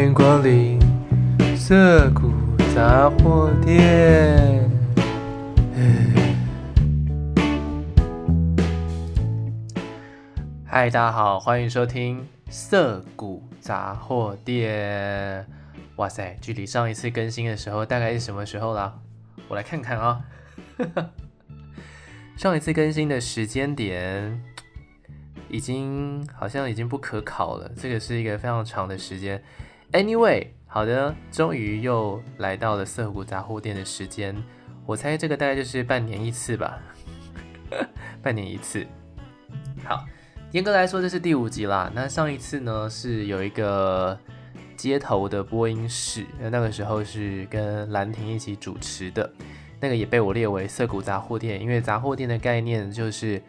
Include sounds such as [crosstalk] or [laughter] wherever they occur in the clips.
歡迎光臨瑟谷雜貨店。嗨、哎，Hi, 大家好，歡迎收聽瑟谷雜貨店。哇塞，距離上一次更新的時候大概是什麼時候啦？我來看看啊、哦。 [laughs] 上一次更新的時間點已經好像已經不可考了，這個是一個非常長的時間。Anyway，好的，終於又來到了瑟谷雜貨店的時間。我猜這個大概就是半年一次吧， [laughs] 半年一次。好，嚴格來說，這是第五集啦。那上一次呢是有一個街頭的播音室，那個時候是跟蘭亭一起主持的，那個也被我列為瑟谷雜貨店，因為雜貨店的概念就是。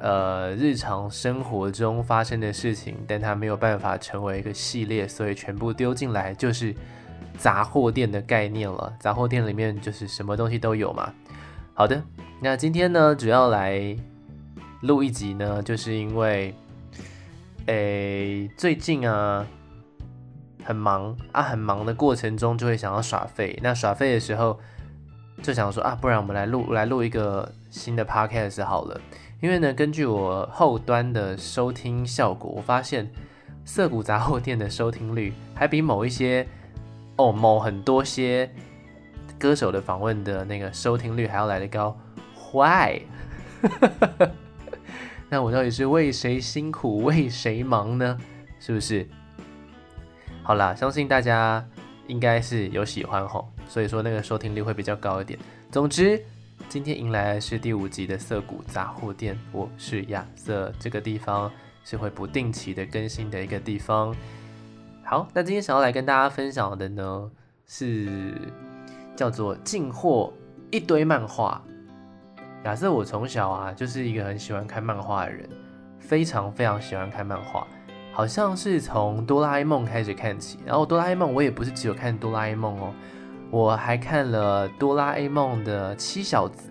呃，日常生活中發生的事情，但它沒有辦法成為一個系列，所以全部丟進來就是雜貨店的概念了。雜貨店裡面就是什麼東西都有嘛。好的，那今天呢，主要來錄一集呢，就是因為，哎、欸，最近啊很忙啊，很忙的過程中就會想要耍廢。那耍廢的時候就想說，啊，不然我們來錄來錄一個新的 podcast 好了。因為呢，根據我後端的收聽效果，我發現瑟谷雜貨店的收聽率還比某一些哦某很多些歌手的訪問的那個收聽率還要來得高。Why？ [laughs] 那我到底是為誰辛苦為誰忙呢？是不是？好啦，相信大家應該是有喜歡吼，所以說那個收聽率會比較高一點。總之。今天迎來的是第五集的瑟谷雜貨店，我是亞瑟。這個地方是會不定期的更新的一個地方。好，那今天想要來跟大家分享的呢，是叫做進貨一堆漫畫。亞瑟，我從小啊就是一個很喜歡看漫畫的人，非常非常喜歡看漫畫，好像是從哆啦 A 夢開始看起。然後哆啦 A 夢，我也不是只有看哆啦 A 夢哦。我還看了《哆啦 A 夢》的七小子，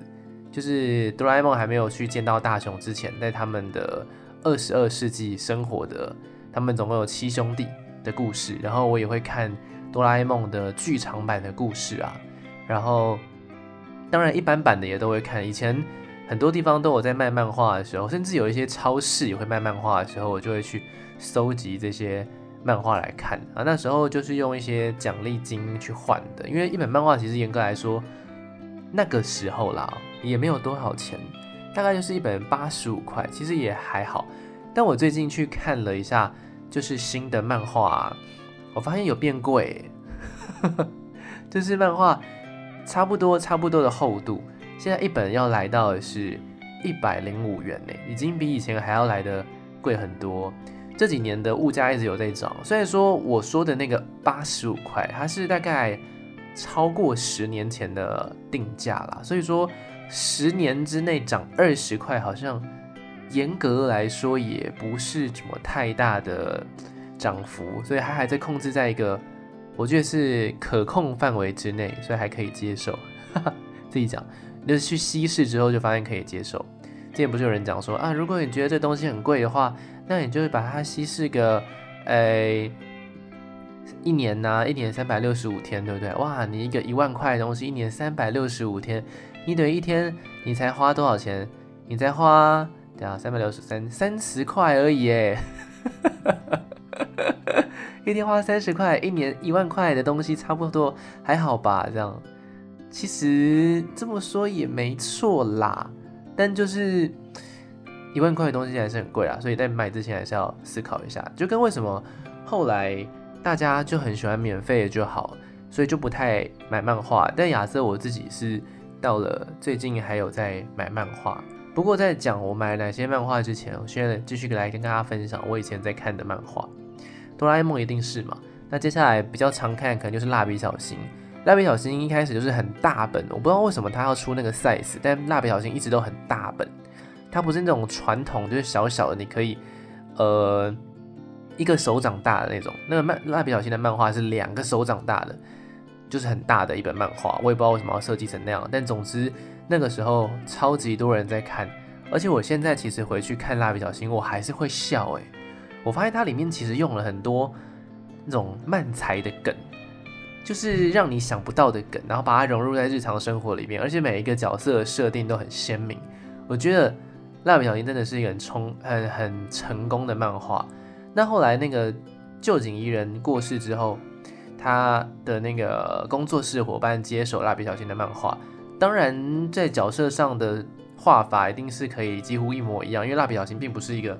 就是哆啦 A 夢還沒有去見到大雄之前，在他們的二十二世紀生活的，他們總共有七兄弟的故事。然後我也會看《哆啦 A 夢》的劇場版的故事啊。然後，當然一般版的也都會看。以前很多地方都有在賣漫畫的時候，甚至有一些超市也會賣漫畫的時候，我就會去收集這些。漫畫來看啊，那時候就是用一些獎勵金去換的，因為一本漫畫其實嚴格來說，那個時候啦也沒有多少錢，大概就是一本八十五塊，其實也還好。但我最近去看了一下，就是新的漫畫，我發現有變貴， [laughs] 就是漫畫差不多差不多的厚度，現在一本要來到的是一百零五元呢，已經比以前還要來的貴很多。這幾年的物價一直有在漲，雖然說我說的那個八十五塊，它是大概超過十年前的定價啦。所以說十年之內漲二十塊，好像嚴格來說也不是什麼太大的漲幅，所以它還，還在控制在一個，我覺得是可控範圍之內，所以還可以接受。 [laughs] 自己講，就是去稀釋之後就發現可以接受。之前不是有人講說啊，如果你覺得這東西很貴的話，那你就是把它稀釋個，誒、欸，一年呢、啊？一年三百六十五天，對不對？哇，你一個一萬塊的東西，一年三百六十五天，你等於一天你才花多少錢？你才花，對啊，三百六十三三十塊而已，哎， [laughs] 一天花三十塊，一年一萬塊的東西，差不多還好吧？這樣，其實這麼說也沒錯啦，但就是。一萬塊的東西還是很貴啦，所以在買之前還是要思考一下。就跟為什麼後來大家就很喜歡免費的就好，所以就不太買漫畫。但亞瑟我自己是到了最近還有在買漫畫。不過在講我買哪些漫畫之前，我先繼續來跟大家分享我以前在看的漫畫。哆啦 A 夢一定是嘛？那接下來比較常看可能就是蠟筆小新。蠟筆小新一開始就是很大本，我不知道為什麼他要出那個 size，但蠟筆小新一直都很大本。它不是那種傳統，就是小小的，你可以，呃，一個手掌大的那種。那個漫蠟筆小新的漫畫是兩個手掌大的，就是很大的一本漫畫。我也不知道為什麼要設計成那樣，但總之那個時候超級多人在看。而且我現在其實回去看蠟筆小新，我還是會笑誒、欸，我發現它裡面其實用了很多那種漫才的梗，就是讓你想不到的梗，然後把它融入在日常生活裡面。而且每一個角色設定都很鮮明，我覺得。蠟筆小新真的是一個很成很很成功的漫畫。那後來那個臼井儀人過世之後，他的那個工作室夥伴接手蠟筆小新的漫畫。當然，在角色上的畫法一定是可以幾乎一模一樣，因為蠟筆小新並不是一個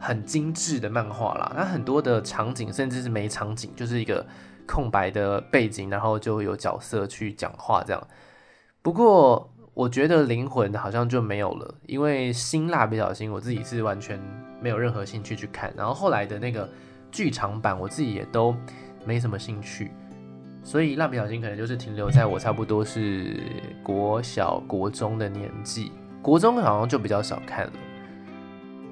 很精緻的漫畫啦。那很多的場景甚至是沒場景，就是一個空白的背景，然後就有角色去講話這樣。不過，我覺得靈魂好像就沒有了，因為《新蠟筆小新》我自己是完全沒有任何興趣去看，然後後來的那個劇場版我自己也都沒什麼興趣，所以蠟筆小新可能就是停留在我差不多是國小、國中的年紀，國中好像就比較少看了。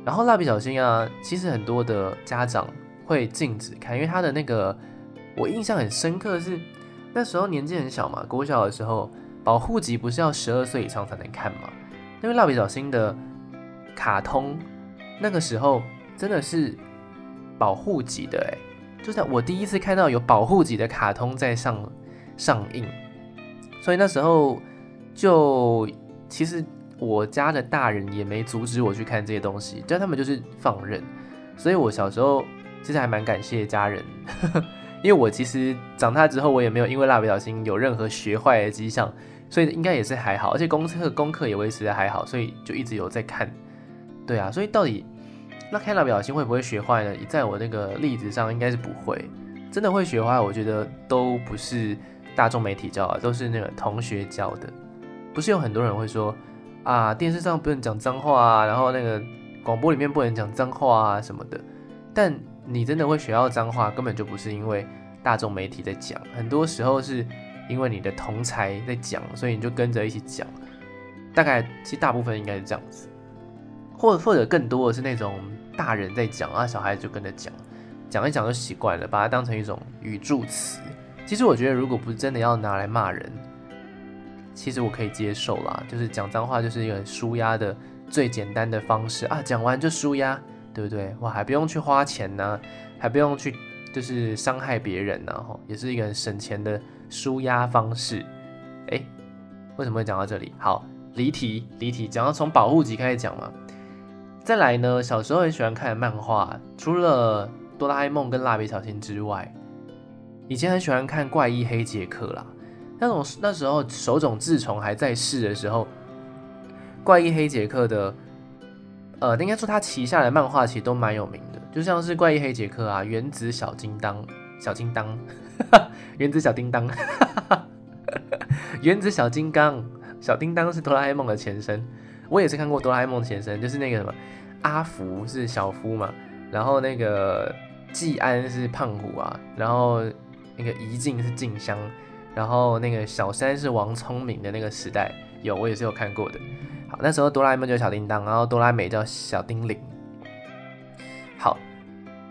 然後蠟筆小新啊，其實很多的家長會禁止看，因為他的那個，我印象很深刻是那時候年紀很小嘛，國小的時候。保護級不是要十二歲以上才能看嗎？因為蠟筆小新的卡通那個時候真的是保護級的。欸，哎，就像我第一次看到有保護級的卡通在上上映，所以那時候就其實我家的大人也沒阻止我去看這些東西，但他們就是放任，所以我小時候其實還蠻感謝家人， [laughs] 因為我其實長大之後我也沒有因為蠟筆小新有任何學壞的跡象。所以應該也是還好，而且功課功課也維持的還好，所以就一直有在看。對啊，所以到底那開了表情會不會學壞呢？在我那個例子上，應該是不會。真的會學壞，我覺得都不是大眾媒體教的，都是那個同學教的。不是有很多人會說啊，電視上不能講髒話啊，然後那個廣播裡面不能講髒話啊什麼的。但你真的會學到髒話，根本就不是因為大眾媒體在講，很多時候是。因為你的同儕在講，所以你就跟着一起講。大概其實大部分應該是這樣子，或者或者更多的是那種大人在講啊，小孩子就跟着講，講一講就習慣了，把它當成一種語助詞。其實我覺得，如果不是真的要拿來罵人，其實我可以接受啦。就是講髒話就是一個很舒壓的最簡單的方式啊，講完就舒壓，對不對？哇，還不用去花錢呢，啊，還不用去就是傷害別人呢，吼，也是一個很省錢的。舒壓方式，哎、欸，為什麼會講到這裡？好，離題離題，講要從保護級開始講嘛。再來呢，小時候很喜歡看的漫畫，除了哆啦 A 夢跟蠟筆小新之外，以前很喜歡看怪異黑傑克啦。那種那時候手冢治蟲還在世的時候，怪異黑傑克的，呃，應該說他旗下的漫畫其實都蠻有名的，就像是怪異黑傑克啊，原子小金剛。小叮當， [laughs] 原子小叮當，哈哈哈，原子小金剛，小叮當是哆啦 A 夢的前身。我也是看過哆啦 A 夢前身，就是那個什麼阿福是小夫嘛，然後那個季安是胖虎啊，然後那個怡靜是靜香，然後那個小三是王聰明的那個時代有，我也是有看過的。好，那時候哆啦 A 夢叫小叮當，然後哆啦美叫小叮鈴。好。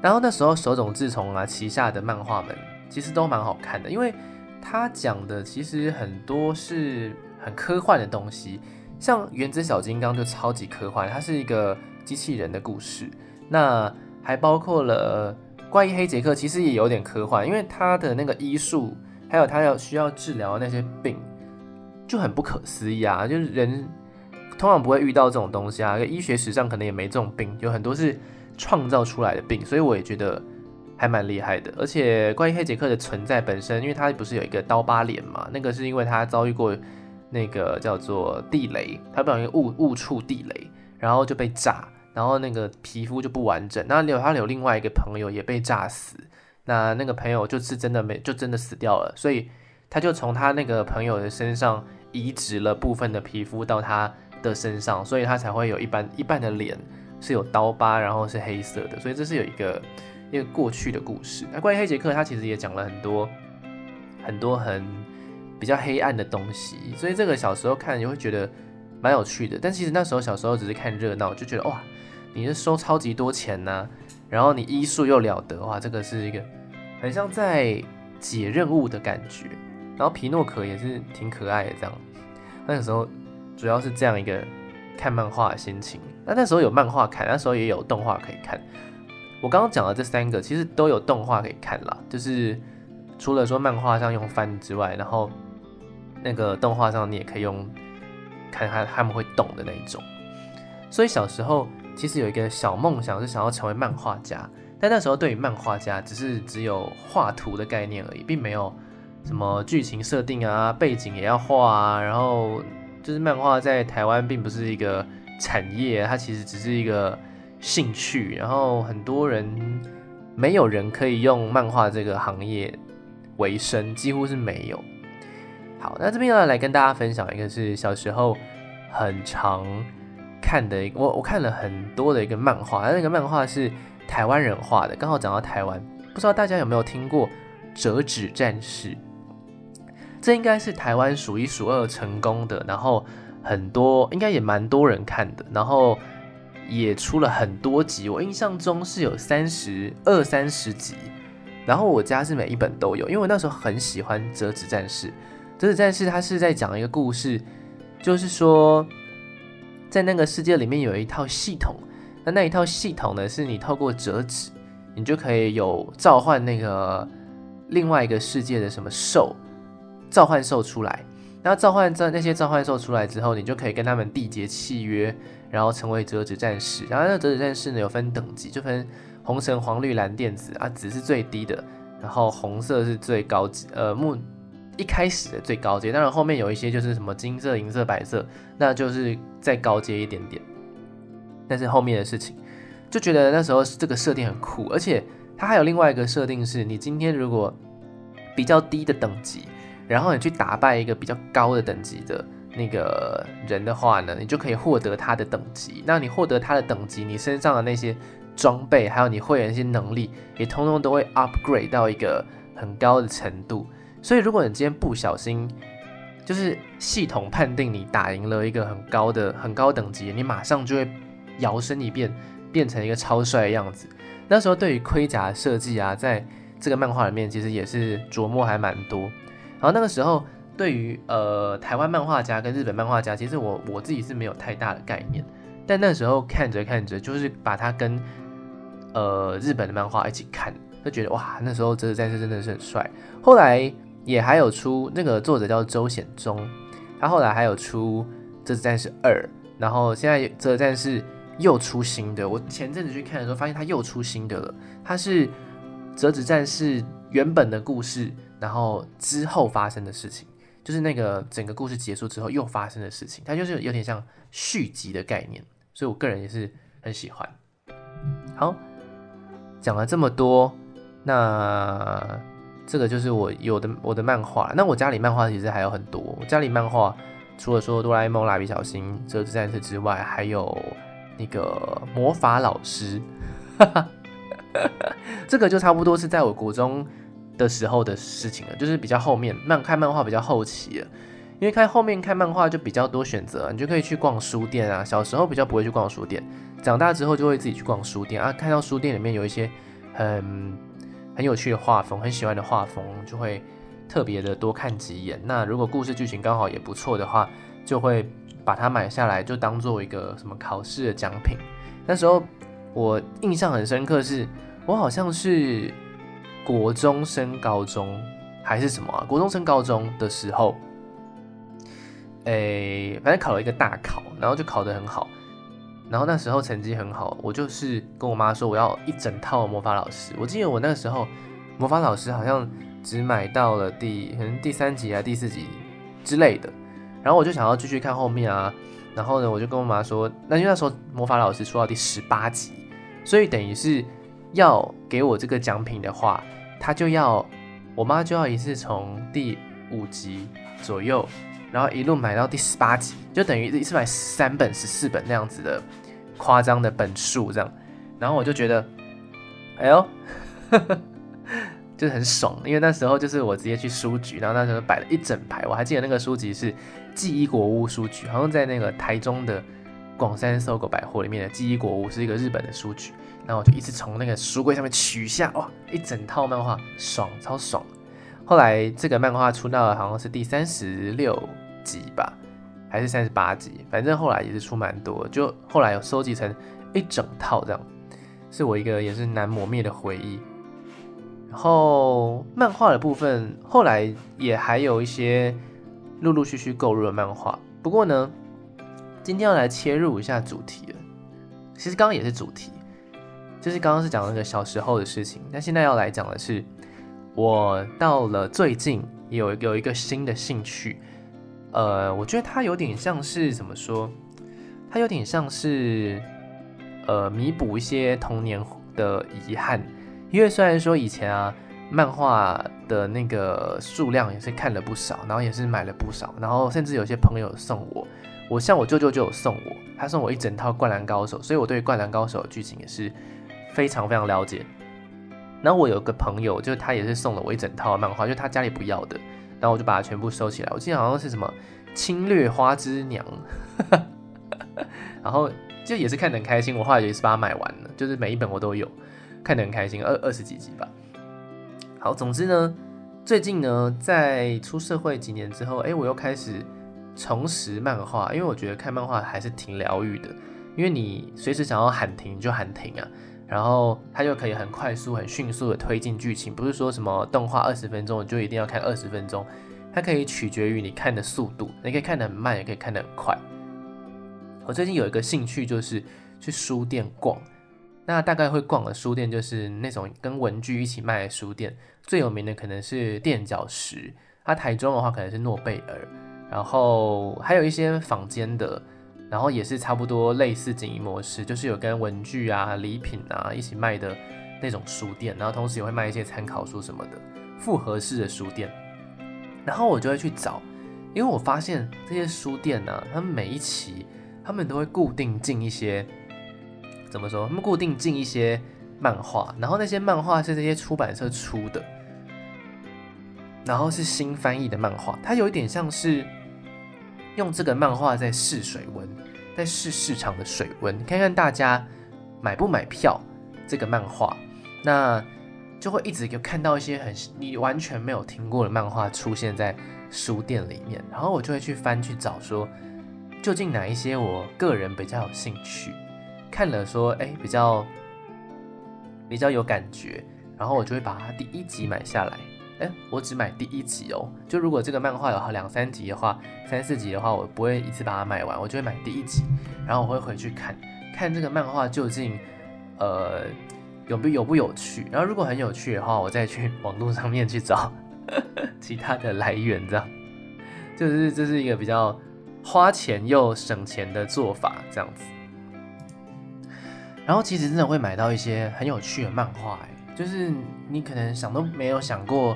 然後那時候手冢治蟲啊旗下的漫畫們其實都蠻好看的，因為他講的其實很多是很科幻的東西，像《原子小金剛》就超級科幻，它是一個機器人的故事。那還包括了《怪醫黑傑克》，其實也有點科幻，因為他的那個醫術，還有他要需要治療那些病就很不可思議啊，就是人通常不會遇到這種東西啊，醫學史上可能也沒這種病，有很多是。創造出來的病，所以我也覺得還蠻厲害的。而且關於黑傑克的存在本身，因為他不是有一個刀疤臉嘛？那個是因為他遭遇過那個叫做地雷，他不小心誤誤觸地雷，然後就被炸，然後那個皮膚就不完整。那有他有另外一個朋友也被炸死，那那個朋友就是真的沒就真的死掉了，所以他就從他那個朋友的身上移植了部分的皮膚到他的身上，所以他才會有一半一半的臉。是有刀疤，然後是黑色的，所以這是有一個一個過去的故事。那、啊、關於黑傑克，他其實也講了很多很多很比較黑暗的東西，所以這個小時候看你會覺得蠻有趣的。但其實那時候小時候只是看熱鬧，就覺得哇，你是收超級多錢吶、啊，然後你醫術又了得，哇，這個是一個很像在解任務的感覺。然後皮諾可也是挺可愛的，這樣那個時候主要是這樣一個看漫畫的心情。那那時候有漫畫看，那時候也有動畫可以看。我剛剛講的這三個其實都有動畫可以看啦，就是除了說漫畫上用翻之外，然後那個動畫上你也可以用，看他他們會動的那一種。所以小時候其實有一個小夢想是想要成為漫畫家，但那時候對於漫畫家只是只有畫圖的概念而已，並沒有什麼劇情設定啊，背景也要畫啊，然後就是漫畫在台灣並不是一個。產業，它其實只是一個興趣，然後很多人沒有人可以用漫畫這個行業為生，幾乎是沒有。好，那這邊呢，來跟大家分享一個，是小時候很常看的一個，我我看了很多的一個漫畫，那這個漫畫是台灣人畫的，剛好講到台灣，不知道大家有沒有聽過《折紙戰士》？這應該是台灣數一數二成功的，然後。很多，應該也蠻多人看的，然後也出了很多集，我印象中是有三十二三十集，然後我家是每一本都有，因為我那時候很喜歡折紙戰士，《折紙戰士》，《折紙戰士》它是在講一個故事，就是說在那個世界裡面有一套系統，那那一套系統呢是你透過折紙，你就可以有召喚那個另外一個世界的什麼獸，召喚獸出來。那召喚戰，那些召喚獸出來之後，你就可以跟他們締結契約，然後成為折紙戰士。然後那折紙戰士呢有分等級，就分紅、橙、黃、綠、藍、靛、紫啊，紫是最低的，然後紅色是最高級。呃，木一開始的最高階。當然後面有一些就是什麼金色、銀色、白色，那就是再高階一點點。但是後面的事情，就覺得那時候這個設定很酷，而且它還有另外一個設定是，你今天如果比較低的等級。然後你去打敗一個比較高的等級的那個人的話呢，你就可以獲得他的等級。那你獲得他的等級，你身上的那些裝備，還有你會的一些能力，也通通都會 upgrade 到一個很高的程度。所以，如果你今天不小心，就是系統判定你打贏了一個很高的、很高等級，你馬上就會搖身一變，變成一個超帥的樣子。那時候，對於盔甲設計啊，在這個漫畫裡面其實也是琢磨還蠻多。然後那個時候對，對於呃台灣漫畫家跟日本漫畫家，其實我我自己是沒有太大的概念。但那個時候看着看着，就是把他跟呃日本的漫畫一起看，就覺得哇，那時候折紙戰士真的是很帥。後來也還有出那個作者叫周顯宗，他後來還有出折紙戰士二，然後現在折紙戰士又出新的。我前陣子去看的時候，發現他又出新的了。他是折紙戰士原本的故事。然後之後發生的事情，就是那個整個故事結束之後又發生的事情，它就是有點像續集的概念，所以我個人也是很喜歡。好，講了這麼多，那這個就是我有的我的漫畫。那我家裡漫畫其實還有很多，我家裡漫畫除了說哆啦 A 夢、蠟筆小新、折紙戰士之外，還有那個魔法老師， [laughs] 這個就差不多是在我國中。的時候的事情了，就是比較後面漫看漫畫比較後期了，因為看後面看漫畫就比較多選擇，你就可以去逛書店啊。小時候比較不會去逛書店，長大之後就會自己去逛書店啊。看到書店裡面有一些很很有趣的畫風，很喜歡的畫風，就會特別的多看幾眼。那如果故事劇情剛好也不錯的話，就會把它買下來，就當做一個什麼考試的獎品。那時候我印象很深刻是，是我好像是。國中升高中還是什麼、啊？國中升高中的時候，誒、欸，反正考了一個大考，然後就考得很好，然後那時候成績很好，我就是跟我媽說我要一整套魔法老師。我記得我那時候魔法老師好像只買到了第可能第三集啊第四集之類的，然後我就想要繼續看後面啊，然後呢我就跟我媽說，那因為那時候魔法老師出到第十八集，所以等於是要給我這個獎品的話。他就要，我媽就要一次從第五集左右，然後一路買到第十八集，就等於一次買十三本、十四本那樣子的誇張的本數這樣。然後我就覺得，哎呦， [laughs] 就是很爽，因為那時候就是我直接去書局，然後那時候擺了一整排，我還記得那個書局是紀伊國屋書局，好像在那個台中的廣三 SOGO 百貨裡面的紀伊國屋是一個日本的書局。然後我就一直從那個書櫃上面取下，哇，一整套漫畫，爽，超爽。後來這個漫畫出到了，好像是第三十六集吧，還是三十八集，反正後來也是出蠻多，就後來有收集成一整套這樣，是我一個也是難磨滅的回憶。然後漫畫的部分，後來也還有一些陸陸續續購入了漫畫，不過呢，今天要來切入一下主題了，其實剛剛也是主題。就是剛剛是講那個小時候的事情，但現在要來講的是，我到了最近有有一個新的興趣，呃，我覺得它有點像是怎麼說，它有點像是，呃，彌補一些童年的遺憾，因為雖然說以前啊，漫畫的那個數量也是看了不少，然後也是買了不少，然後甚至有些朋友送我，我像我舅舅就有送我，他送我一整套《灌籃高手》，所以我對《灌籃高手》的劇情也是。非常非常了解。然後我有個朋友，就他也是送了我一整套漫畫，就他家裡不要的，然後我就把它全部收起來。我記得好像是什麼《侵略花枝娘，》 [laughs] 然後就也是看得很開心。我後來也是把它買完了，就是每一本我都有，看得很開心。二二十幾集吧。好，總之呢，最近呢，在出社會幾年之後，誒，我又開始重拾漫畫，因為我覺得看漫畫還是挺療癒的，因為你隨時想要喊停就喊停啊。然後它就可以很快速，很迅速地推進劇情，不是說什麼動畫二十分鐘就一定要看二十分鐘，它可以取決於你看的速度，你可以看得很慢，也可以看得很快。我最近有一個興趣就是去書店逛，那大概會逛的書店就是那種跟文具一起賣的書店，最有名的可能是墊腳石，它、啊、台中的話可能是諾貝爾，然後還有一些坊間的，然後也是差不多類似經營模式，就是有跟文具啊、禮品啊一起賣的那種書店，然後同時也會賣一些參考書什麼的複合式的書店。然後我就會去找，因為我發現這些書店呢、啊，他們每一期他們都會固定進一些，怎麼說？他們固定進一些漫畫，然後那些漫畫是這些出版社出的，然後是新翻譯的漫畫，它有一點像是。用這個漫畫在試水溫，在試市場的水溫，看看大家買不買票這個漫畫，那就會一直有看到一些很你完全沒有聽過的漫畫出現在書店裡面，然後我就會去翻去找說，究竟哪一些我個人比較有興趣，看了說哎、欸、比較比較有感覺，然後我就會把它第一集買下來。哎、欸，我只買第一集哦、喔。就如果這個漫畫有兩三集的話，三四集的話，我不會一次把它買完，我就會買第一集，然後我會回去看看這個漫畫究竟，呃，有不有不有趣。然後如果很有趣的話，我再去網絡上面去找 [laughs] 其他的來源，這樣。就是這、就是一個比較花錢又省錢的做法，這樣子。然後其實真的會買到一些很有趣的漫畫、欸，哎。就是你可能想都沒有想過，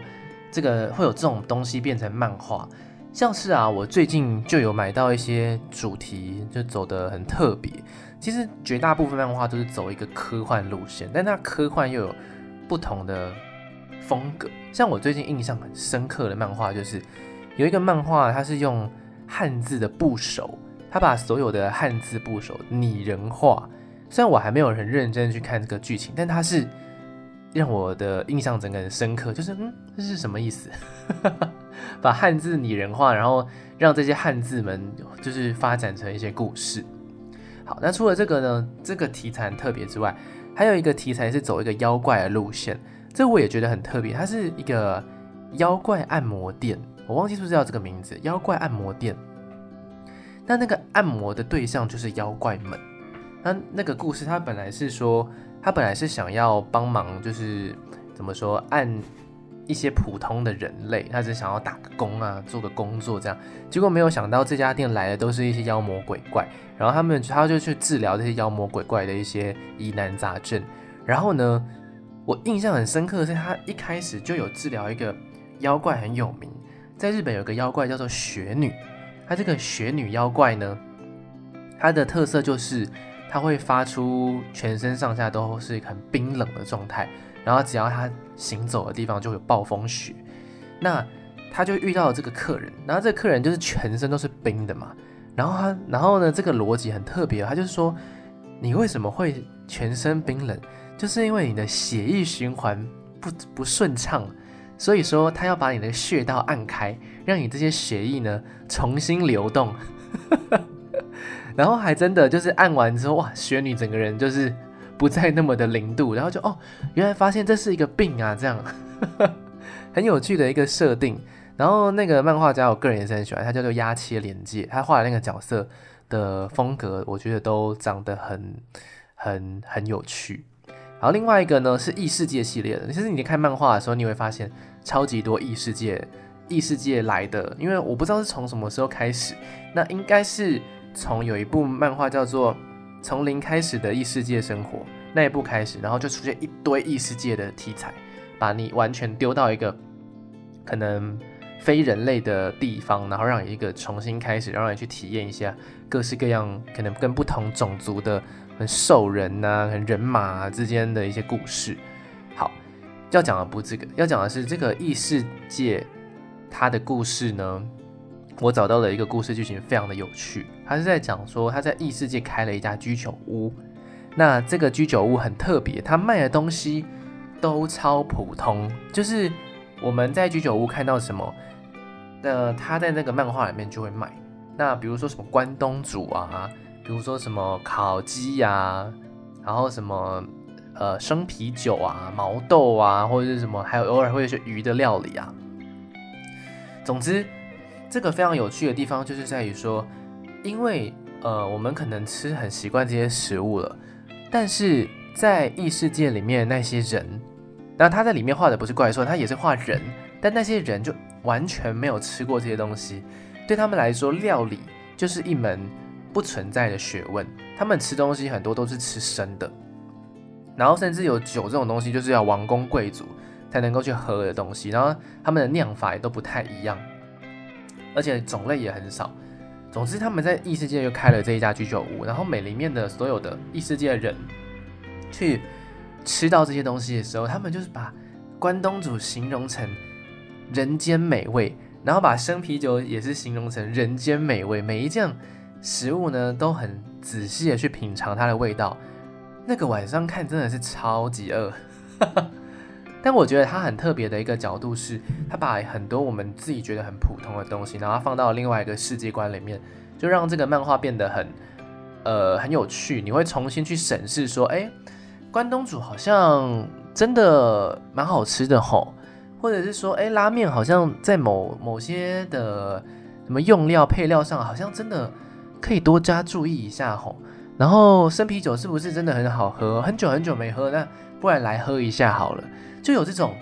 這個會有這種東西變成漫畫，像是啊，我最近就有買到一些主題，就走得很特別。其實絕大部分漫畫都是走一個科幻路線，但那科幻又有不同的風格。像我最近印象很深刻的漫畫，就是有一個漫畫，它是用漢字的部首，它把所有的漢字部首擬人化。雖然我還沒有很認真去看這個劇情，但它是。讓我的印象整個人深刻，就是嗯，這是什麼意思？ [laughs] 把漢字擬人化，然後讓這些漢字們就是發展成一些故事。好，那除了這個呢？這個題材很特別之外，還有一個題材是走一個妖怪的路線，這我也覺得很特別。它是一個妖怪按摩店，我忘記是不是叫這個名字，妖怪按摩店。那那個按摩的對象就是妖怪們。那那個故事它本來是說。他本來是想要幫忙，就是怎麼說，按一些普通的人類，他只想要打個工啊，做個工作這樣。結果沒有想到這家店來的都是一些妖魔鬼怪，然後他們他就去治療這些妖魔鬼怪的一些疑難雜症。然後呢，我印象很深刻的是，他一開始就有治療一個妖怪很有名，在日本有個妖怪叫做雪女，他這個雪女妖怪呢，它的特色就是。他會發出全身上下都是一個很冰冷的狀態，然後只要他行走的地方就會有暴風雪。那他就遇到了這個客人，然後這個客人就是全身都是冰的嘛。然後他，然後呢，這個邏輯很特別，他就是說，你為什麼會全身冰冷？就是因為你的血液循環不不順暢，所以說他要把你的穴道按開，讓你這些血液呢重新流動。 [laughs] 然後還真的就是按完之後，哇，雪女整個人就是不再那麼的零度，然後就哦，原來發現這是一個病啊，這樣呵呵，很有趣的一個設定。然後那個漫畫家，我個人也是很喜歡，他叫做押切蓮介，他畫的那個角色的風格，我覺得都長得很很很有趣。然後另外一個呢是異世界系列的，其實你在看漫畫的時候，你會發現超級多異世界異世界來的，因為我不知道是從什麼時候開始，那應該是。從有一部漫畫叫做《從零開始的異世界生活》那一部開始，然後就出現一堆異世界的題材，把你完全丟到一個可能非人類的地方，然後讓一個重新開始，讓你去體驗一下各式各樣可能跟不同種族的很獸人啊、很人馬、啊、之間的一些故事。好，要講的不這個，要講的是這個異世界它的故事呢，我找到了一個故事劇情非常的有趣。他是在講說，他在異世界開了一家居酒屋。那這個居酒屋很特別，他賣的東西都超普通。就是我們在居酒屋看到什麼，那、呃、他在那個漫畫裡面就會賣。那比如說什麼關東煮啊，比如說什麼烤雞呀、啊，然後什麼呃生啤酒啊、毛豆啊，或者是什麼，還有偶爾會是魚的料理啊。總之，這個非常有趣的地方就是在於說，因為呃，我們可能吃很習慣這些食物了，但是在異世界裡面的那些人，然後他在裡面畫的不是怪獸，他也是畫人，但那些人就完全沒有吃過這些東西，對他們來說，料理就是一門不存在的學問。他們吃東西很多都是吃生的，然後甚至有酒這種東西，就是要王公貴族才能夠去喝的東西，然後他們的釀法也都不太一樣，而且種類也很少。總之，他們在異世界就開了這一家居酒屋，然後每裡面的所有的異世界的人去吃到這些東西的時候，他們就是把關東煮形容成人間美味，然後把生啤酒也是形容成人間美味，每一件食物呢都很仔細的去品嘗它的味道。那個晚上看真的是超級餓。 [laughs] 但我覺得它很特別的一個角度是，它把很多我們自己覺得很普通的東西，然後放到另外一個世界觀裡面，就讓這個漫畫變得很，呃，很有趣。你會重新去審視說，誒、欸，關東煮好像真的蠻好吃的吼，或者是說，誒、欸，拉麵好像在某某些的什麼用料配料上，好像真的可以多加注意一下吼。然後生啤酒是不是真的很好喝？很久很久沒喝，那不然來喝一下好了。就有這種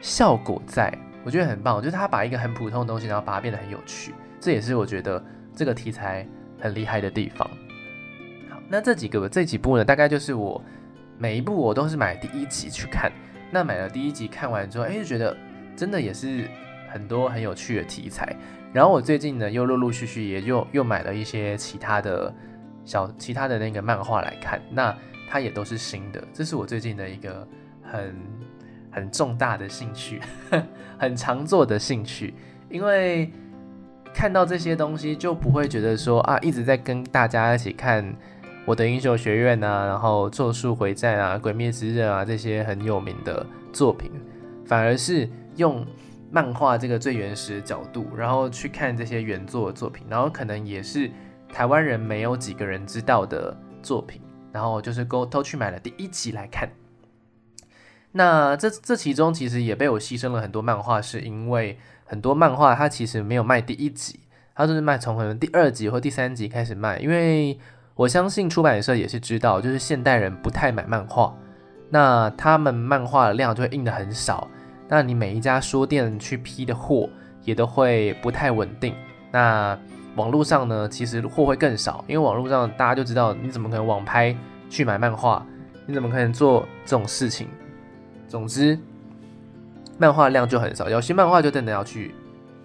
效果，在我覺得很棒。我覺得他把一個很普通的東西，然後把它變得很有趣，這也是我覺得這個題材很厲害的地方。好，那這幾個這幾部呢，大概就是我每一部我都是買第一集去看。那買了第一集看完之後，哎、欸，就覺得真的也是很多很有趣的題材。然後我最近呢，又陸陸續續也又又買了一些其他的小其他的那個漫畫來看。那它也都是新的，這是我最近的一個很。很重大的興趣呵呵，很常做的興趣，因為看到這些東西就不會覺得說啊一直在跟大家一起看我的英雄學院啊，然後咒術迴戰啊，鬼滅之刃啊這些很有名的作品，反而是用漫畫這個最原始的角度，然後去看這些原作的作品，然後可能也是台灣人沒有幾個人知道的作品，然後就是偷偷去買了第一集來看。那這這其中其實也被我犧牲了很多漫畫，是因為很多漫畫它其實沒有賣第一集，它就是賣從可能第二集或第三集開始賣。因為我相信出版社也是知道，就是現代人不太買漫畫，那他們漫畫的量就會印得很少。那你每一家書店去批的貨也都會不太穩定。那網絡上呢，其實貨會更少，因為網絡上大家就知道，你怎麼可能網拍去買漫畫？你怎麼可能做這種事情？總之，漫畫量就很少，有些漫畫就真的要去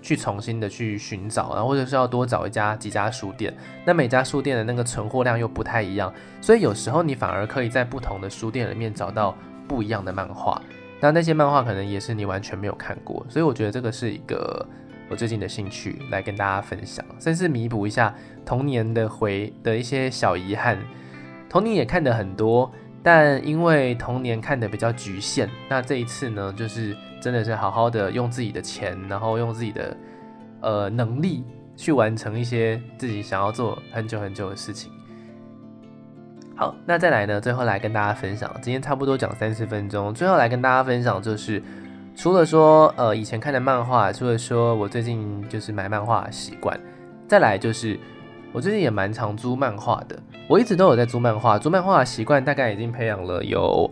去重新的去尋找，然後或者是要多找一家幾家書店，那每家書店的那個存貨量又不太一樣，所以有時候你反而可以在不同的書店裡面找到不一樣的漫畫，那那些漫畫可能也是你完全沒有看過，所以我覺得這個是一個我最近的興趣來跟大家分享，甚至彌補一下童年的回的一些小遺憾，童年也看的很多。但因為童年看得比較侷限，那這一次呢，就是真的是好好的用自己的錢，然後用自己的呃能力去完成一些自己想要做很久很久的事情。好，那再來呢，最後來跟大家分享，今天差不多講三十分鐘，最後來跟大家分享就是，除了說呃以前看的漫畫，除了說我最近就是買漫畫的習慣，再來就是。我最近也蠻常租漫畫的，我一直都有在租漫畫，租漫畫的習慣大概已經培養了有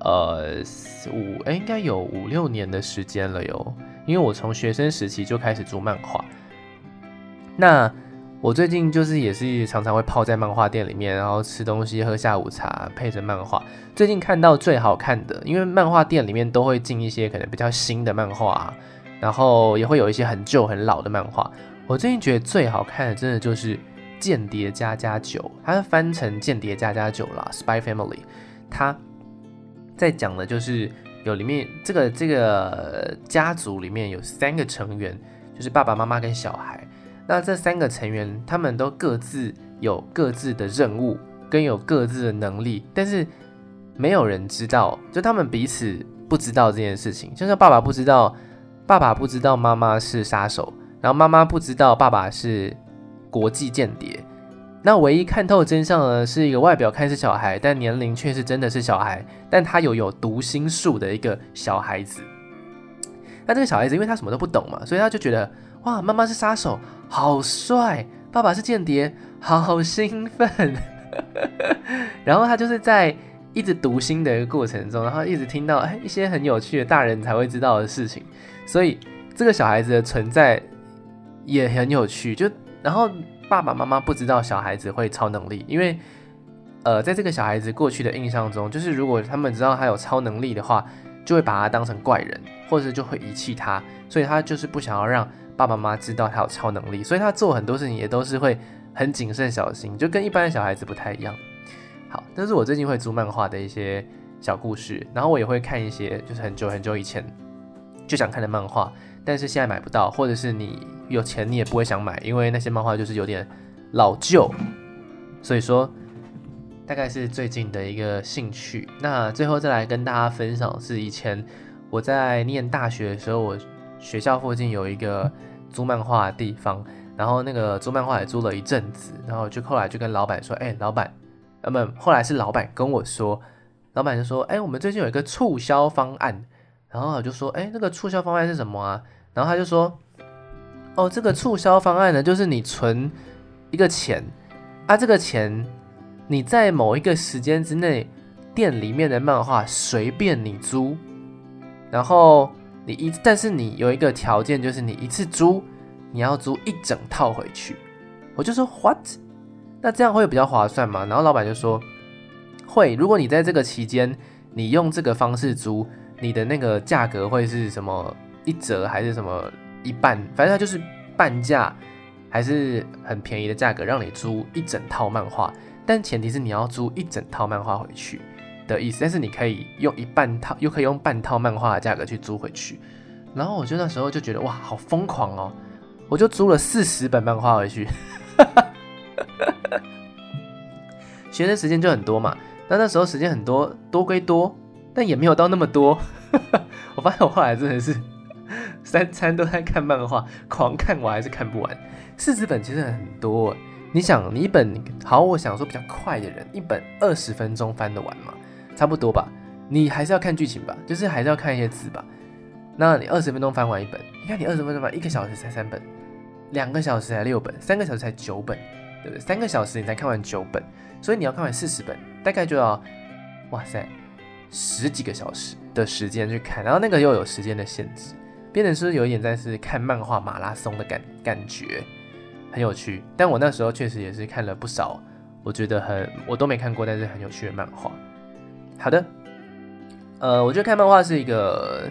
呃五哎、欸、應該有五六年的時間了喲，因為我從學生時期就開始租漫畫。那我最近就是也是常常會泡在漫畫店裡面，然後吃東西喝下午茶，配着漫畫。最近看到最好看的，因為漫畫店裡面都會進一些可能比較新的漫畫，然後也會有一些很舊很老的漫畫。我最近覺得最好看的，真的就是。間諜家家酒，他翻成間諜家家酒啦，Spy Family。他在講的就是有裡面這個這個家族裡面有三個成員，就是爸爸媽媽跟小孩。那這三個成員他們都各自有各自的任務跟有各自的能力，但是沒有人知道，就他們彼此不知道這件事情。就像爸爸不知道，爸爸不知道媽媽是殺手，然後媽媽不知道爸爸是。國際間諜，那唯一看透真相呢，是一個外表看似小孩，但年齡卻是真的是小孩，但他又有，有讀心術的一個小孩子。那這個小孩子，因為他什麼都不懂嘛，所以他就覺得哇，媽媽是殺手，好帥；爸爸是間諜，好興奮。 [laughs] 然後他就是在一直讀心的一個過程中，然後一直聽到、哎、一些很有趣的大人才會知道的事情。所以這個小孩子的存在也很有趣，就。然後爸爸媽媽不知道小孩子會超能力，因為，呃，在這個小孩子過去的印象中，就是如果他們知道他有超能力的話，就會把他當成怪人，或者就會遺棄他，所以他就是不想要讓爸爸媽媽知道他有超能力，所以他做很多事情也都是會很謹慎小心，就跟一般的小孩子不太一樣。好，但是我最近會租漫畫的一些小故事，然後我也會看一些就是很久很久以前就想看的漫畫。但是現在買不到，或者是你有錢你也不會想買，因為那些漫畫就是有點老舊，所以說大概是最近的一個興趣。那最後再來跟大家分享，是以前我在念大學的時候，我學校附近有一個租漫畫的地方，然後那個租漫畫也租了一陣子，然後就後來就跟老闆說，哎、欸，老闆，呃、嗯、不，後來是老闆跟我說，老闆就說，哎、欸，我們最近有一個促銷方案。然後我就說，哎，那個促銷方案是什麼啊？然後他就說，哦，這個促銷方案呢，就是你存一個錢，啊，這個錢你在某一個時間之內，店裡面的漫畫隨便你租，然後你一，但是你有一個條件，就是你一次租，你要租一整套回去。我就說，what？那這樣會比較划算嘛。然後老板就說，會，如果你在這個期間你用這個方式租。你的那個價格會是什麼一折還是什麼一半？反正它就是半價，還是很便宜的價格，讓你租一整套漫畫。但前提是你要租一整套漫畫回去的意思，但是你可以用一半套，又可以用半套漫畫的價格去租回去。然後我就那時候就覺得哇，好瘋狂哦！我就租了四十本漫畫回去， [laughs] 學生時間就很多嘛。但那時候時間很多，多歸多，但也沒有到那麼多。 [laughs] 我發現我後來真的是， [laughs] 三餐都在看漫畫，狂看我還是看不完。四十本其實很多，你想你一本好，我想說比較快的人，一本二十分鐘翻得完嗎？差不多吧。你還是要看劇情吧，就是還是要看一些字吧。那你二十分鐘翻完一本，你看你二十分鐘吧，一個小時才三本，兩個小時才六本，三個小時才九本，對不對？三個小時你才看完九本，所以你要看完四十本，大概就要，哇塞！十幾個小時的時間去看，然後那個又有時間的限制，變成是有一點像是看漫畫馬拉松的感感覺，很有趣。但我那時候確實也是看了不少，我覺得很我都沒看過，但是很有趣的漫畫。好的，呃，我覺得看漫畫是一個，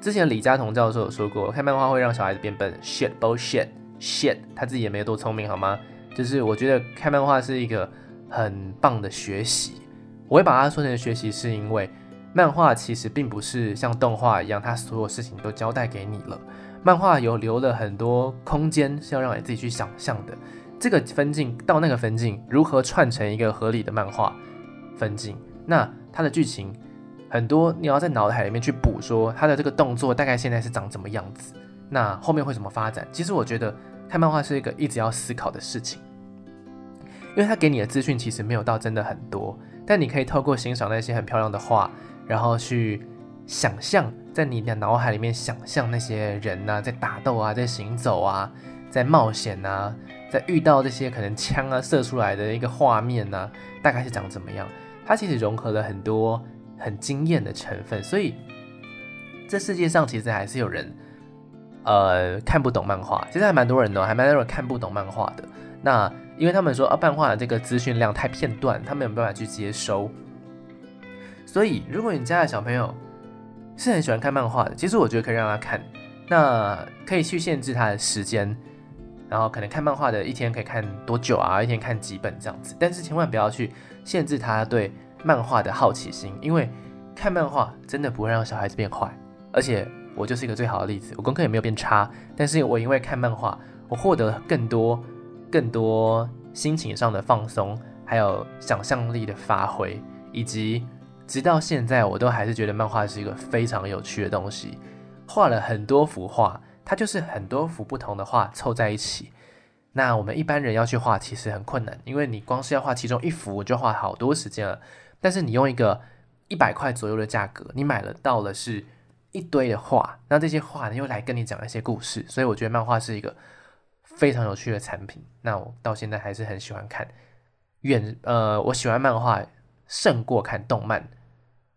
之前李家同教授有說過，看漫畫會讓小孩子變笨。Shit bullshit shit，他自己也沒有多聰明好嗎？就是我覺得看漫畫是一個很棒的學習。我會把它說成學習，是因為漫畫其實並不是像動畫一樣，它所有事情都交代給你了。漫畫有留了很多空間，是要讓你自己去想象的。這個分鏡到那個分鏡如何串成一個合理的漫畫分鏡？那它的劇情很多，你要在腦海裡面去補，說它的這個動作大概現在是長什麼樣子，那後面會怎麼發展？其實我覺得看漫畫是一個一直要思考的事情，因為它給你的資訊其實沒有到真的很多。但你可以透過欣賞那些很漂亮的畫，然後去想象，在你的腦海裡面想象那些人吶、啊，在打鬥啊，在行走啊，在冒險吶、啊，在遇到這些可能槍啊射出來的一個畫面吶、啊，大概是長怎麼樣？它其實融合了很多很驚豔的成分，所以這世界上其實還是有人，呃，看不懂漫畫。其實還蠻多人的，還蠻多人看不懂漫畫的。那因為他們說啊，漫畫的這個資訊量太片段，他們沒有辦法去接收。所以，如果你家的小朋友是很喜歡看漫畫的，其實我覺得可以讓他看。那可以去限制他的時間，然後可能看漫畫的一天可以看多久啊？一天看幾本這樣子。但是千萬不要去限制他對漫畫的好奇心，因為看漫畫真的不會讓小孩子變壞。而且我就是一個最好的例子，我功課也沒有變差，但是我因為看漫畫，我獲得更多。更多心情上的放鬆，還有想象力的發揮，以及直到現在，我都還是覺得漫畫是一個非常有趣的東西。畫了很多幅畫，它就是很多幅不同的畫湊在一起。那我們一般人要去畫，其實很困難，因為你光是要畫其中一幅，我就花好多時間了。但是你用一個一百塊左右的價格，你買了到了是一堆的畫，那這些畫呢，又來跟你講一些故事，所以我覺得漫畫是一個。非常有趣的產品，那我到現在還是很喜歡看遠呃，我喜歡漫畫勝過看動漫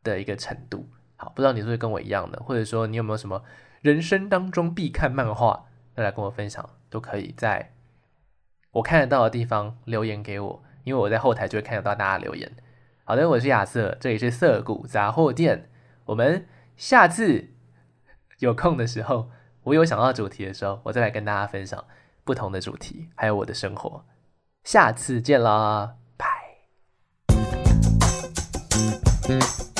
的一個程度。好，不知道你是不是跟我一樣的，或者說你有沒有什麼人生當中必看漫畫，再來跟我分享都可以，在我看得到的地方留言給我，因為我在後台就會看得到大家留言。好的，我是亞瑟，這裡是瑟谷雜貨店，我們下次有空的時候，我有想到主題的時候，我再來跟大家分享。不同的主題，還有我的生活。下次見啦，拜。嗯嗯。